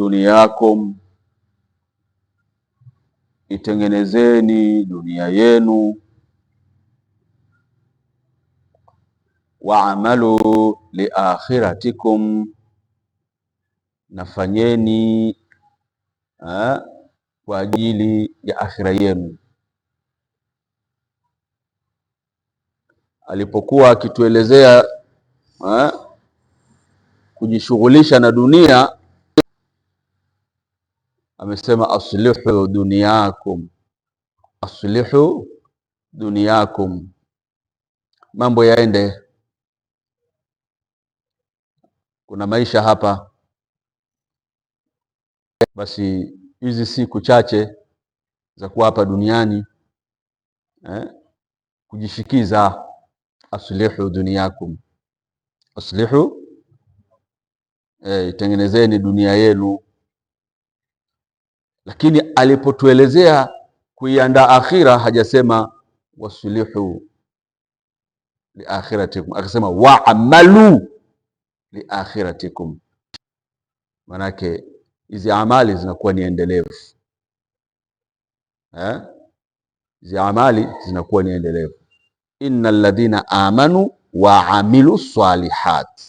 duniyakum, itengenezeni dunia yenu. Waamalu liakhiratikum, nafanyeni ha, kwa ajili ya akhira yenu. Alipokuwa akituelezea kujishughulisha na dunia amesema aslihu duniyakum, aslihu duniyakum, mambo yaende. Kuna maisha hapa, basi hizi siku chache za kuwa hapa duniani eh, kujishikiza aslihu duniyakum, aslihu eh, itengenezeni dunia yenu lakini alipotuelezea kuiandaa akhira hajasema waslihu liakhiratikum, akasema waamalu liakhiratikum. Manake hizi amali zinakuwa ni endelevu eh? hizi amali zinakuwa ni endelevu. innal ladhina amanu wa amilu salihat.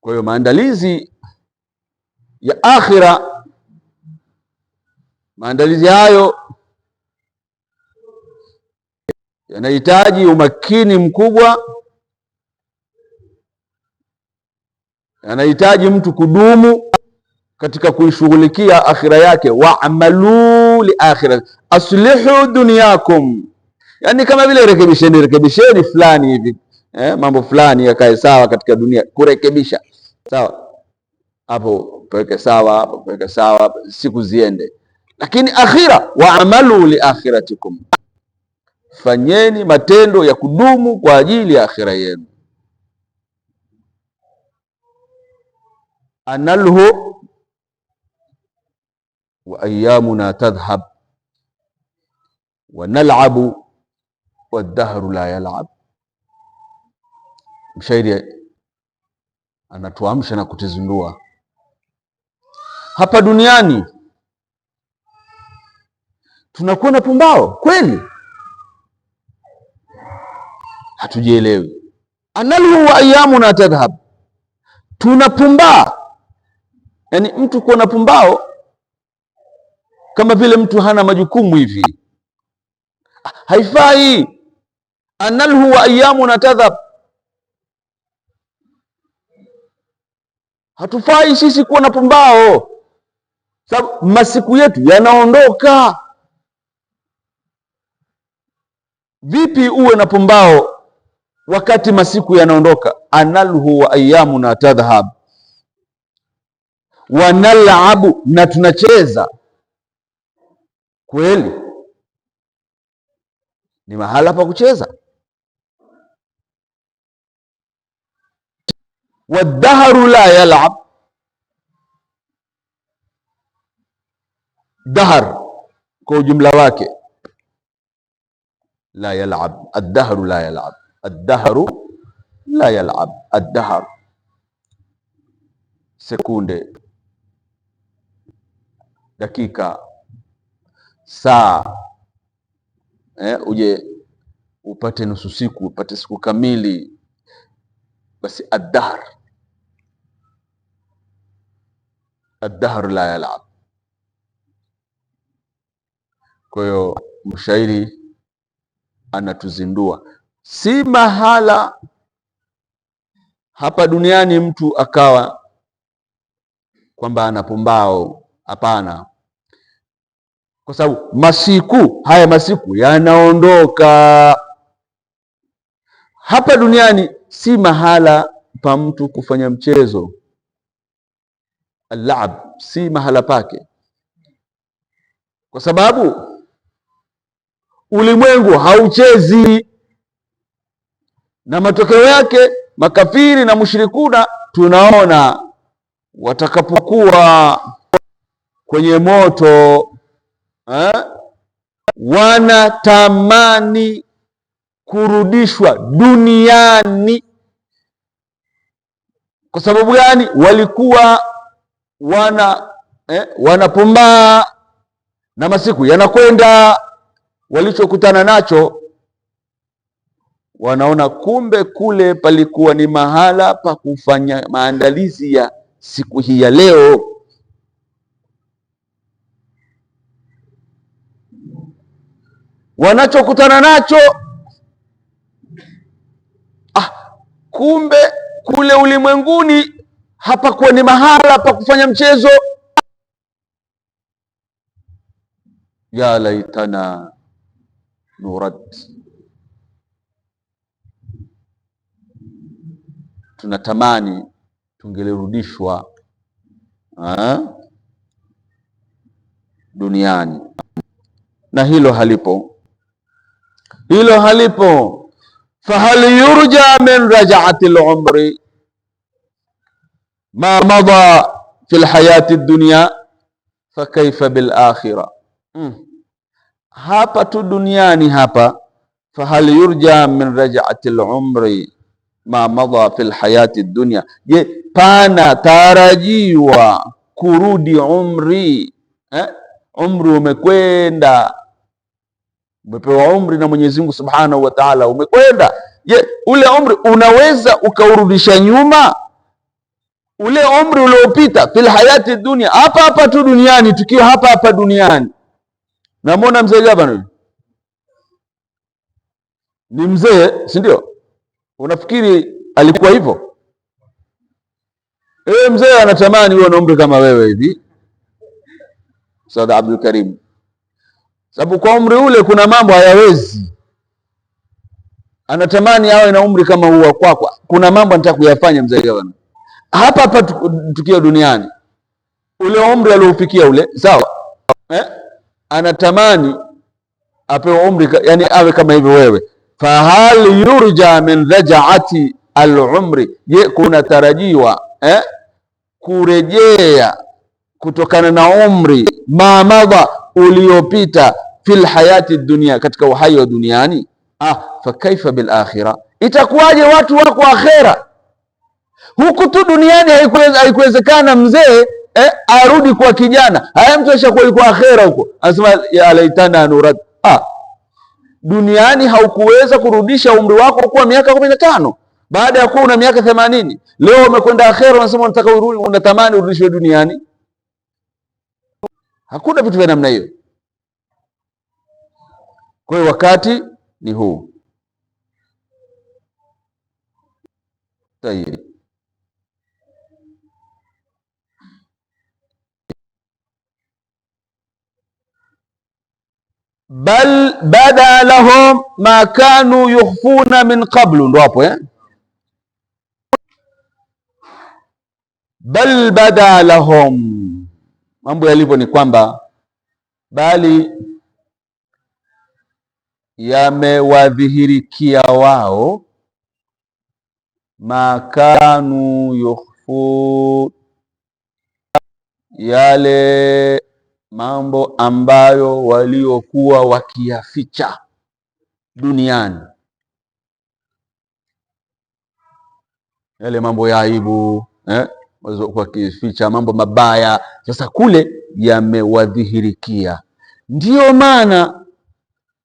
Kwa hiyo maandalizi ya akhira. Maandalizi hayo yanahitaji umakini mkubwa, yanahitaji mtu kudumu katika kuishughulikia akhira yake. Waamalu li akhira aslihu dunyakum, yani kama vile rekebisheni rekebisheni fulani hivi eh, mambo fulani yakae sawa katika dunia, kurekebisha sawa hapo paweke sawa, paweke sawa, siku ziende. Lakini akhira, wa amalu li akhiratikum, fanyeni matendo ya kudumu kwa ajili ya akhira yenu. analhu wa ayyamuna tadhhab wa nal'abu wadhahru la yal'ab. Mshairi anatuamsha na kutizindua hapa duniani. Tunakuwa na pumbao kweli, hatujielewi. analhu wa na tadhhab, tunapumbaa. Yani mtu kuwa na pumbao kama vile mtu hana majukumu hivi, haifai. analhu wa na tadhhab Hatufai sisi kuwa na pumbao sababu masiku yetu yanaondoka. Vipi uwe na pumbao wakati masiku yanaondoka? analhu wa ayamuna tadhhab wanalabu, na tunacheza kweli. Ni mahala pa kucheza. Wadhahru la yalab dahar kwa ujumla wake la yal'ab, ad la yal'ab, adaharu la yal'ab, adahar sekunde, dakika, saa eh, uje upate nusu siku upate siku kamili, basi ad adahar la yal'ab kwa hiyo mshairi anatuzindua, si mahala hapa duniani mtu akawa kwamba ana pumbao, hapana, kwa sababu masiku haya masiku yanaondoka. Hapa duniani si mahala pa mtu kufanya mchezo, alab si mahala pake, kwa sababu Ulimwengu hauchezi, na matokeo yake makafiri na mushrikuna tunaona watakapokuwa kwenye moto eh, wanatamani kurudishwa duniani. Kwa sababu gani? Walikuwa wana eh, wanapambaa na masiku yanakwenda walichokutana nacho, wanaona kumbe kule palikuwa ni mahala pa kufanya maandalizi ya siku hii ya leo. Wanachokutana nacho ah, kumbe kule ulimwenguni hapakuwa ni mahala pa kufanya mchezo. ya laitana نرد tunatamani tungelirudishwa duniani, na hilo halipo, hilo halipo. Fahal yurja min rajaati lumri ma madha fi lhayati dunya fakaifa bilakhira. mm. hapa tu duniani hapa, fahal yurja min raj'ati al-umri ma madha fi lhayati dunya, je, pana tarajiwa kurudi umri eh? Umri umekwenda, umepewa umri na Mwenyezi Mungu Subhanahu wa Ta'ala, umekwenda. Je, ule umri unaweza ukaurudisha nyuma? Ule umri uliopita, fil hayati dunia, hapa hapa tu duniani, tukiwa hapa hapa duniani Namwona mzee huyu, ni mzee, si ndio? Unafikiri alikuwa hivyo? E, mzee anatamani huwe na umri kama wewe hivi, Ustadh Abdul Karim, sababu kwa umri ule kuna mambo hayawezi. Anatamani awe na umri kama huo kwako, kuna mambo anataka kuyafanya mzee Jabani. Hapa hapa tukio duniani, ule umri alioufikia ule, sawa eh? anatamani apewe umri, yani awe kama hivyo wewe. Fahal yurja min dhajaati alumri, je, kunatarajiwa eh, kurejea kutokana na umri mamadha uliopita fil hayati dunia, katika uhai wa duniani. Ah, fakaifa bil akhira, itakuwaje watu wako akhera? Huku tu duniani haikuwezekana mzee eh, arudi kwa kijana. Haya, mtu ashakuwa yuko akhera huko, anasema ya laitana anurad. Ah, duniani haukuweza kurudisha umri wako kuwa miaka kumi na tano baada ya kuwa una miaka themanini. Leo umekwenda akhera, unasema unataka urudi, unatamani urudishwe duniani. Hakuna vitu vya namna hiyo. Kwa hiyo wakati ni huu. Tayari. bal bada lahum ma kanu yukhfuna min qablu, ndo hapo eh? Bal bada lahum, mambo yalivyo ni kwamba bali yamewadhihirikia wao makanu yukhfu yale mambo ambayo waliokuwa wakiyaficha duniani, yale mambo ya aibu eh, wakificha mambo mabaya, sasa kule yamewadhihirikia. Ndiyo maana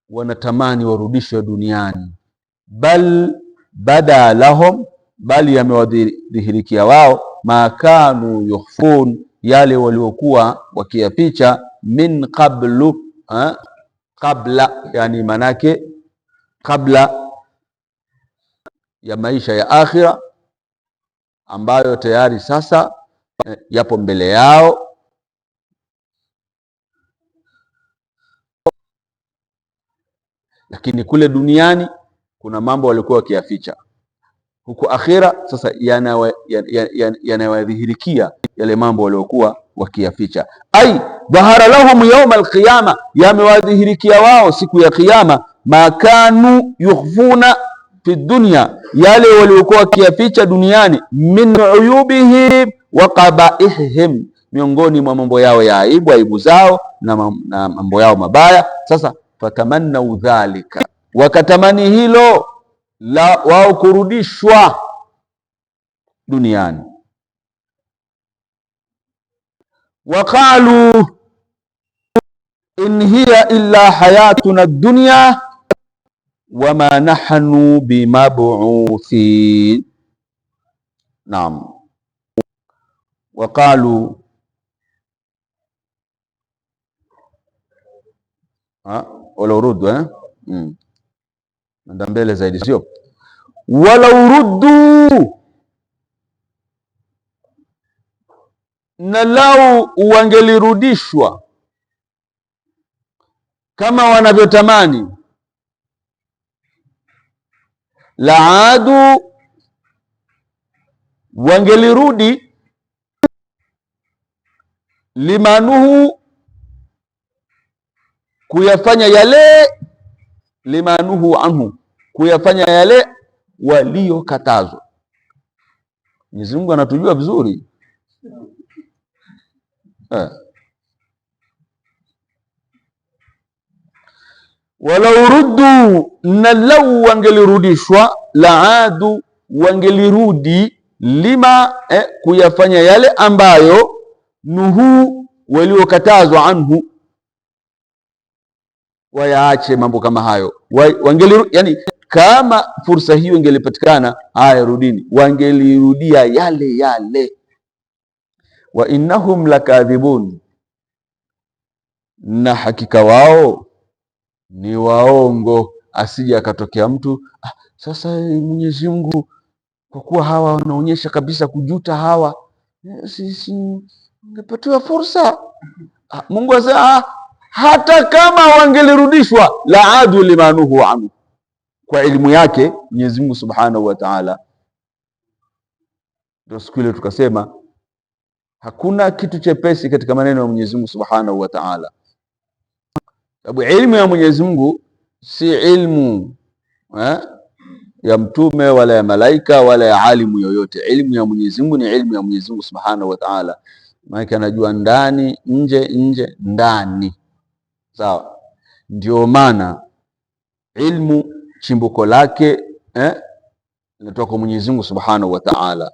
wanatamani warudishwe duniani, bal bada lahum, bali yamewadhihirikia wao makanu yukhfun yale waliokuwa wakiyapicha min qablu ha? Kabla yani manake kabla ya maisha ya akhira ambayo tayari sasa eh, yapo mbele yao. Lakini kule duniani kuna mambo walikuwa wakiyaficha, huku akhira sasa yanawadhihirikia yale mambo waliokuwa wakiyaficha. Ai dhahara lahum yauma alqiyama, yamewadhihirikia wao siku ya Kiyama, makanu yukhfuna fi dunya, yale waliokuwa wakiyaficha duniani, min uyubihim wa qabaihim, miongoni mwa mambo yao ya aibu, aibu zao na mambo yao mabaya. Sasa fatamannau dhalika, wakatamani hilo la wao kurudishwa duniani وقالوا إن هي إلا حياتنا الدنيا وما نحن بمبعوثين نعم وقالوا ولو ردوا ها؟ mm. Nenda mbele zaidi, sio walau ruddu na lau wangelirudishwa kama wanavyotamani, laadu, wangelirudi limanuhu, kuyafanya yale, limanuhu anhu, kuyafanya yale waliyokatazwa. Mwenyezi Mungu anatujua vizuri. Eh. Walau ruddu, na lau wangelirudishwa, laadu, wangelirudi lima eh, kuyafanya yale ambayo nuhu waliokatazwa anhu, wayaache mambo kama hayo wangeliru, yani kama fursa hiyo ingelipatikana, haya rudini, wangelirudia yale yale wa innahum lakadhibun, na hakika wao ni waongo. Asije akatokea mtu ah, sasa Mwenyezi Mungu, kwa kuwa hawa wanaonyesha kabisa kujuta hawa, sisi ngepatiwa fursa. Ah, Mungu asema ah, hata kama wangelirudishwa la adu limanuhu anhu, kwa elimu yake Mwenyezi Mungu subhanahu wa taala. Ndio siku ile tukasema Hakuna kitu chepesi katika maneno ya Mwenyezi Mungu Subhanahu wa Ta'ala, sababu ilmu ya Mwenyezi Mungu si ilmu eh, ya mtume wala ya malaika wala ya alimu yoyote. Ilmu ya Mwenyezi Mungu ni ilmu ya Mwenyezi Mungu Subhanahu wa Ta'ala, maana anajua ndani nje, nje ndani. Sawa, ndio maana ilmu chimbuko lake eh, inatoka kwa Mwenyezi Mungu Subhanahu wa Ta'ala.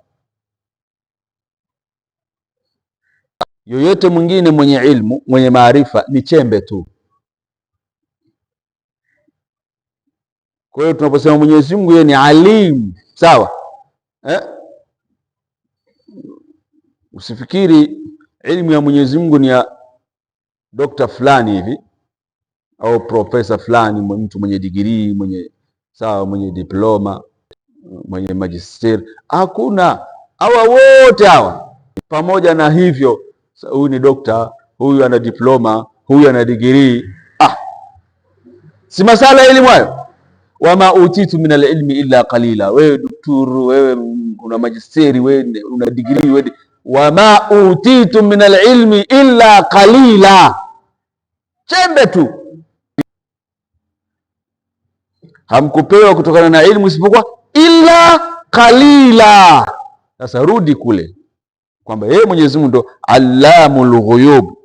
yoyote mwingine mwenye ilmu mwenye maarifa ni chembe tu. Kwa hiyo tunaposema Mwenyezi Mungu yeye ni alimu, sawa eh? Usifikiri ilmu ya Mwenyezi Mungu ni ya dokta fulani hivi au profesa fulani, mtu mwenye digrii mwenye sawa, mwenye diploma, mwenye magister, Hakuna hawa wote hawa, pamoja na hivyo So, huyu ni dokta, huyu ana diploma, huyu ana digirii. Ah, si masala ya elimu hayo. Wama utitu min alilmi illa qalila. Wewe daktari, wewe una majisteri, wewe una digrii, wewe wama utitu min alilmi illa qalila, chembe tu hamkupewa kutokana na ilmu isipokuwa illa qalila. Sasa rudi kule kwamba yeye Mwenyezi Mungu ndo allamul ghuyub.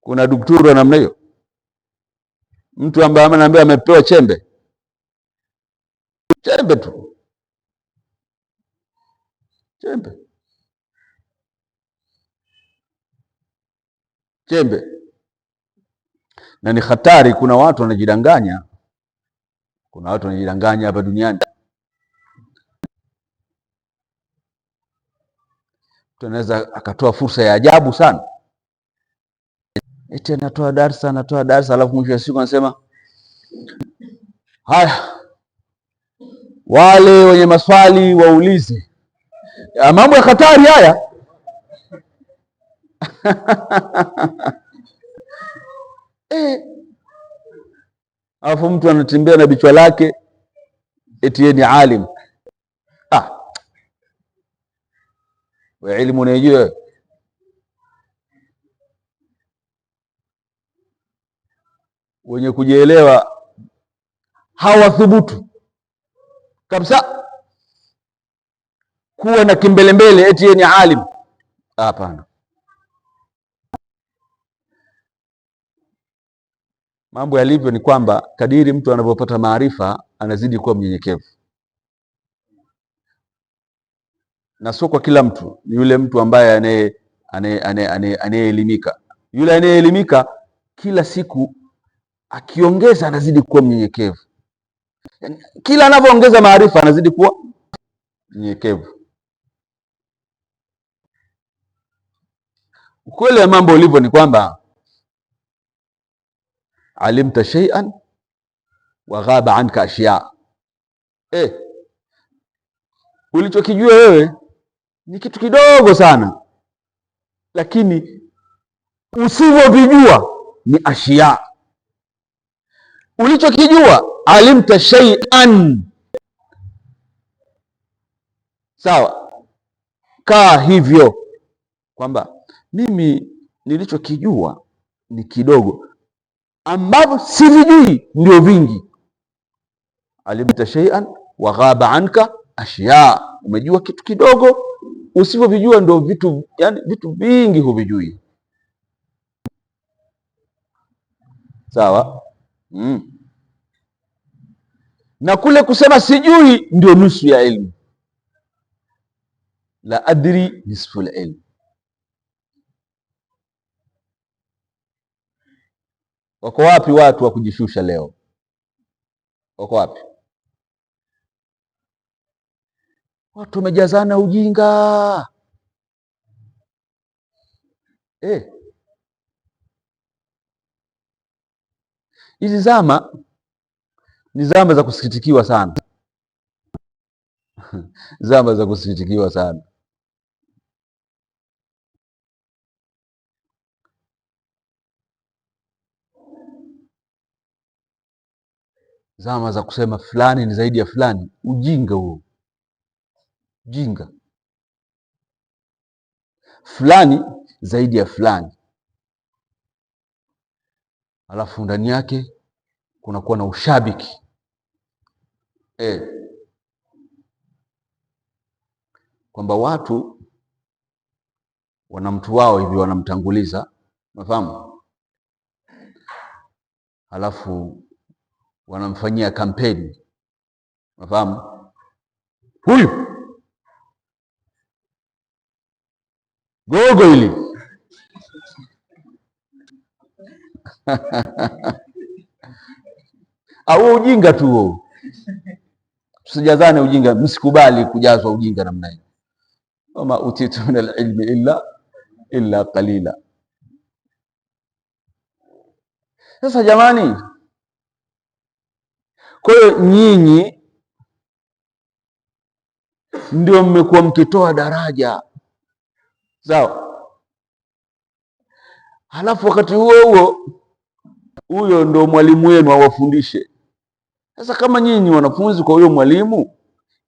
Kuna daktari wa namna hiyo, mtu ambaye ananiambia amepewa chembe chembe tu chembe chembe, na ni hatari. Kuna watu wanajidanganya, kuna watu wanajidanganya hapa duniani. anaweza akatoa fursa ya ajabu sana, eti anatoa darsa anatoa darsa, alafu mwisho wa siku anasema haya, wale wenye maswali waulize. Ya mambo ya hatari haya eh. Alafu mtu anatembea na bichwa lake eti yeye ni alim ah we ilmu nejue wenye kujielewa hawathubutu kabisa kuwa na kimbelembele eti yeye ni alim. Hapana, mambo yalivyo ni kwamba kadiri mtu anavyopata maarifa anazidi kuwa mnyenyekevu. na sio kwa kila mtu. Ni yule mtu ambaye anayeelimika. Yule anayeelimika kila siku akiongeza, anazidi kuwa mnyenyekevu. kila anavyoongeza maarifa anazidi kuwa mnyenyekevu. Ukweli wa mambo ulivyo ni kwamba alimta shay'an wa ghaba anka ashya eh, ulichokijua wewe ni kitu kidogo sana, lakini usivyovijua ni ashia. Ulichokijua alimta shay'an, sawa. Kaa hivyo kwamba mimi nilichokijua ni kidogo, ambavyo sivijui ndio vingi. Alimta shay'an wa ghaba anka ashia, umejua kitu kidogo usivyovijua ndio vitu, yani vitu vingi huvijui. Sawa mm. Na kule kusema sijui ndio nusu ya elimu. La adri nisful ilm. Wako wapi watu wa kujishusha leo? Wako wapi? Watu wamejazana ujinga eh. Hizi zama ni zama za kusikitikiwa sana zama za kusikitikiwa sana. Zama za kusema fulani ni zaidi ya fulani, ujinga huo jinga, fulani zaidi ya fulani, alafu ndani yake kunakuwa na ushabiki e, kwamba watu wana mtu wao hivi wanamtanguliza, unafahamu, alafu wanamfanyia kampeni, unafahamu, huyu gogo hili au ujinga tu huo, tusijazane ujinga. Msikubali kujazwa ujinga namna hiyo. wama utitu min alilmi illa illa qalila. Sasa jamani, kwa hiyo nyinyi ndio mmekuwa mkitoa daraja Sawa. Halafu wakati huo huo huyo ndo mwalimu wenu awafundishe. Sasa kama nyinyi wanafunzi kwa huyo mwalimu,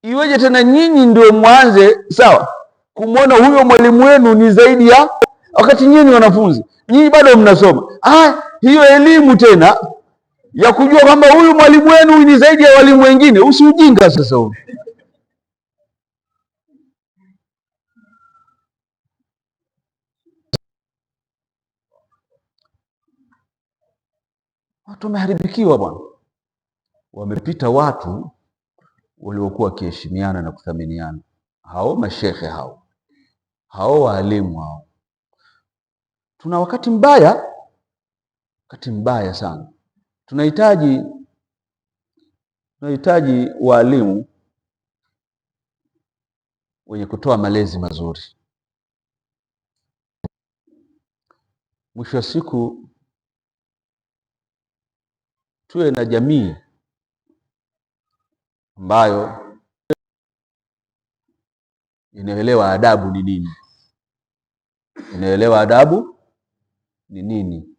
iweje tena nyinyi ndio mwanze sawa kumwona huyo mwalimu wenu ni zaidi ya wakati nyinyi wanafunzi, nyinyi bado mnasoma. Ah, hiyo elimu tena ya kujua kwamba huyu mwalimu wenu ni zaidi ya walimu wengine, usiujinga sasa huyo Watu wameharibikiwa bwana, wamepita watu waliokuwa wakiheshimiana na kuthaminiana, hao mashehe hao, hao waalimu hao. Tuna wakati mbaya, wakati mbaya sana. Tunahitaji, tunahitaji waalimu wenye kutoa malezi mazuri. Mwisho wa siku tuwe na jamii ambayo inaelewa adabu ni nini, inaelewa adabu ni nini.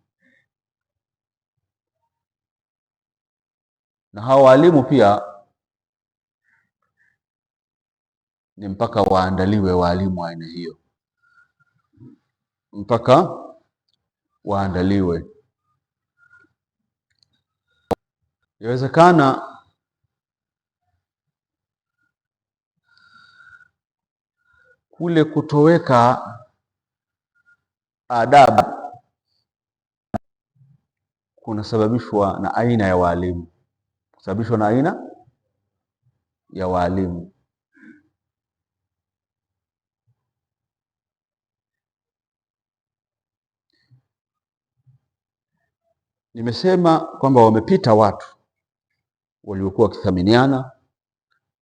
Na hao walimu pia ni mpaka waandaliwe walimu aina hiyo, mpaka waandaliwe Yawezekana kule kutoweka adabu kunasababishwa na aina ya walimu, kusababishwa na aina ya walimu. Nimesema kwamba wamepita watu waliokuwa wakithaminiana,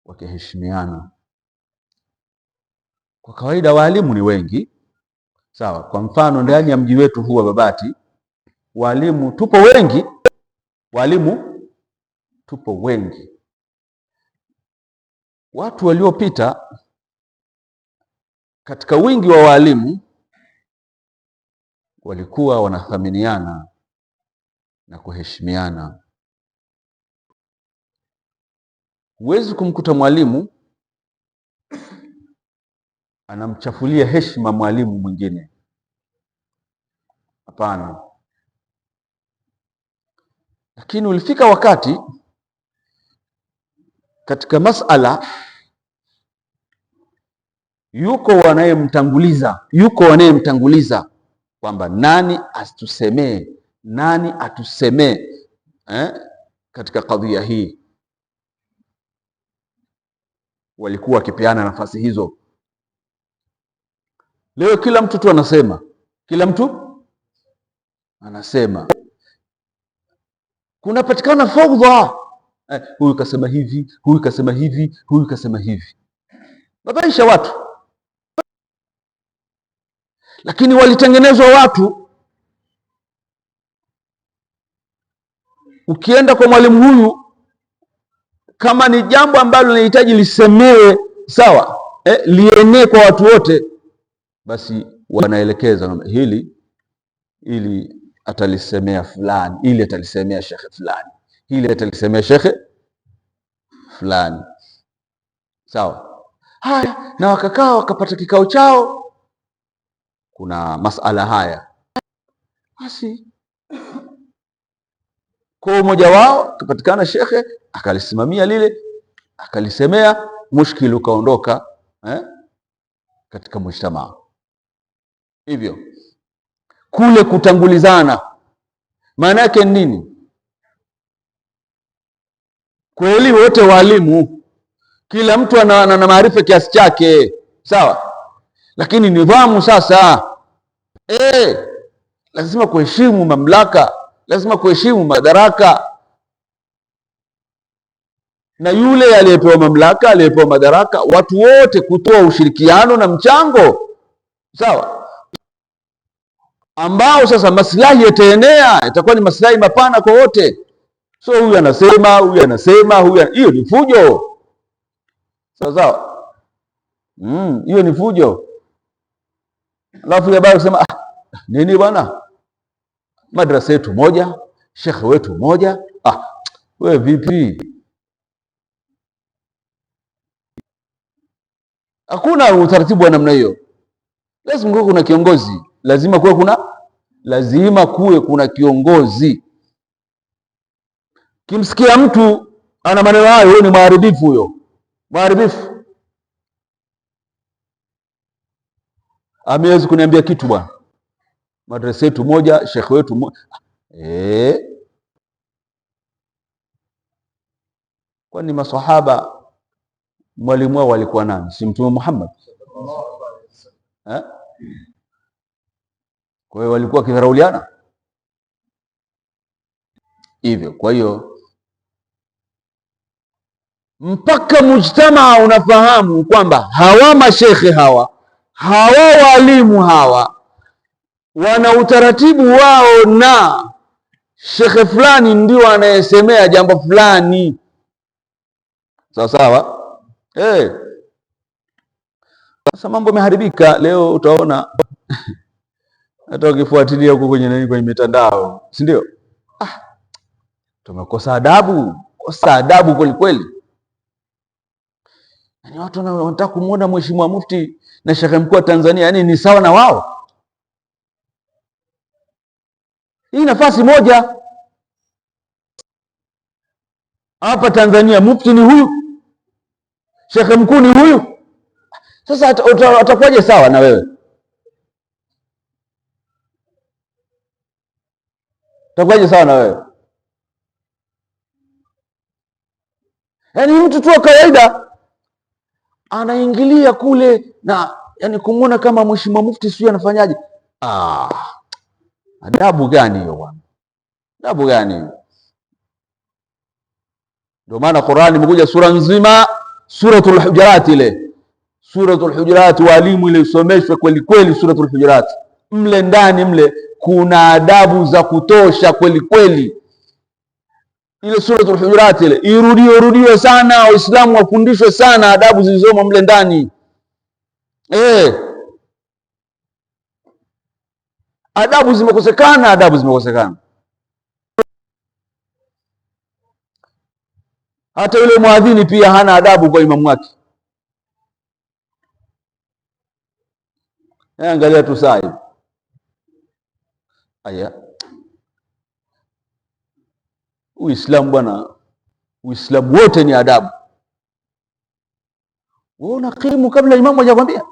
wakiheshimiana. Kwa kawaida waalimu ni wengi, sawa. Kwa mfano ndani ya mji wetu huu wa Babati waalimu tupo wengi, waalimu tupo wengi. Watu waliopita katika wingi wa waalimu walikuwa wanathaminiana na kuheshimiana. Huwezi kumkuta mwalimu anamchafulia heshima mwalimu mwingine, hapana. Lakini ulifika wakati katika masala yuko wanayemtanguliza, yuko wanayemtanguliza kwamba nani atusemee nani atusemee eh, katika kadhia hii walikuwa wakipeana nafasi hizo. Leo kila mtu tu anasema, kila mtu anasema kunapatikana faudha eh, huyu kasema hivi, huyu kasema hivi, huyu kasema hivi, babaisha watu. Lakini walitengenezwa watu, ukienda kwa mwalimu huyu kama ni jambo ambalo linahitaji lisemewe, sawa eh, lienee kwa watu wote, basi wanaelekeza hili ili atalisemea fulani, ili atalisemea shekhe fulani, ili atalisemea shekhe fulani, sawa. Haya, na wakakaa wakapata kikao chao, kuna masala haya basi kwa mmoja wao akapatikana shekhe akalisimamia lile akalisemea, mushkili ukaondoka eh, katika mujtamaa. Hivyo kule kutangulizana maana yake nini? Kweli wote walimu, kila mtu ana, ana maarifa kiasi chake, sawa, lakini nidhamu sasa, eh, lazima kuheshimu mamlaka lazima kuheshimu madaraka, na yule aliyepewa mamlaka, aliyepewa madaraka, watu wote kutoa ushirikiano na mchango sawa, ambao sasa maslahi yataenea, itakuwa ni maslahi mapana kwa wote. So huyu anasema, huyu anasema, huyu hiyo ni fujo sawa sawa, mm, hiyo mm, ni fujo. Alafu habari kusema ah, nini bwana madrasa yetu moja, shekhe wetu moja. Ah, wewe vipi? Hakuna utaratibu wa namna hiyo. Lazima kuwe kuna kiongozi, lazima kuwe kuna lazima kuwe kuna kiongozi. Kimsikia mtu ana maneno hayo, huyo ni mharibifu, huyo mharibifu. Amewezi kuniambia kitu bwana madrasa yetu moja, shekhe wetu moja. E, eh? kwani maswahaba mwalimu wao walikuwa nani? Si Mtume Muhammad eh? Kwa hiyo walikuwa wakidharauliana hivyo. Kwa hiyo mpaka mujtamaa unafahamu kwamba hawa mashekhe hawa hawa walimu hawa wana utaratibu wao, na shekhe fulani ndio anayesemea jambo fulani, sawa sawa. Hey. Eh. Sasa mambo yameharibika leo, utaona hata ukifuatilia huko kwenye nini, kwenye mitandao, si ndio? Ah, tumekosa adabu, kosa adabu kweli kweli. Yani watu wanataka kumwona mheshimiwa mufti na shekhe mkuu wa Tanzania, yani ni sawa na wao Hii nafasi moja hapa Tanzania, mufti ni huyu, shekhe mkuu ni huyu. Sasa atakuwaje sawa na wewe? Atakuwaje sawa na wewe? Yaani mtu tu wa kawaida anaingilia kule na yani kumwona kama mheshimiwa mufti sijui anafanyaje, ah. Adabu gani hiyo bwana? Adabu gani hiyo? Ndio maana Qur'ani imekuja sura nzima, suratul Hujurat ile. Suratul Hujurat walimu ile isomeshwe kweli kweli, suratul Hujurat. Mle ndani mle kuna adabu za kutosha kweli kweli. Ile suratul Hujurat ile irudiwe rudiwe sana, Waislamu wafundishwe sana adabu zilizomo mle ndani eh. Adabu zimekosekana, adabu zimekosekana. Hata yule mwadhini pia hana adabu kwa imamu wake. Eh, angalia tu saa hivi, aya, Uislamu bwana, Uislamu wote ni adabu. Wewe unakimu kabla imamu hajakwambia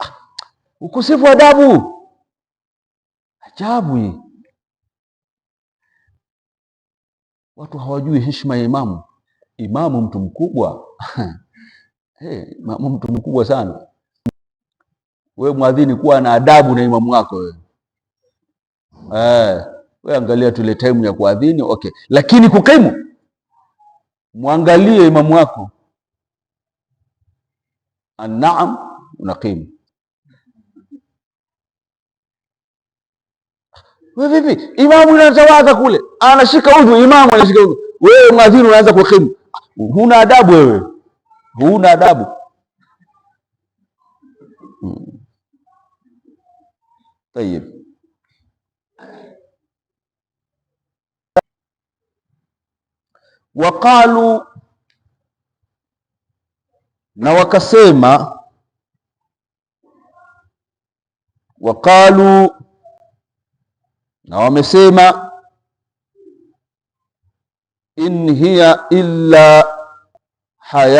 ah, ukosefu wa adabu Ajabu hii, watu hawajui heshima ya imamu. Imamu mtu mkubwa hey, imamu mtu mkubwa sana. Wewe mwadhini, kuwa na adabu na imamu wako wewe. Eh, wewe angalia tu ile time ya kuadhini okay, lakini kukimu, mwangalie imamu wako. Anaam, unakimu Vipi? Imamu waza kule. Anashika udhu, imamu anashika udhu. Wewe mwadhini unaanza kuhimu. Huna adabu wewe. Huna adabu. Hmm. Tayeb. Waqalu na wakasema waqalu na wamesema in hiya illa haya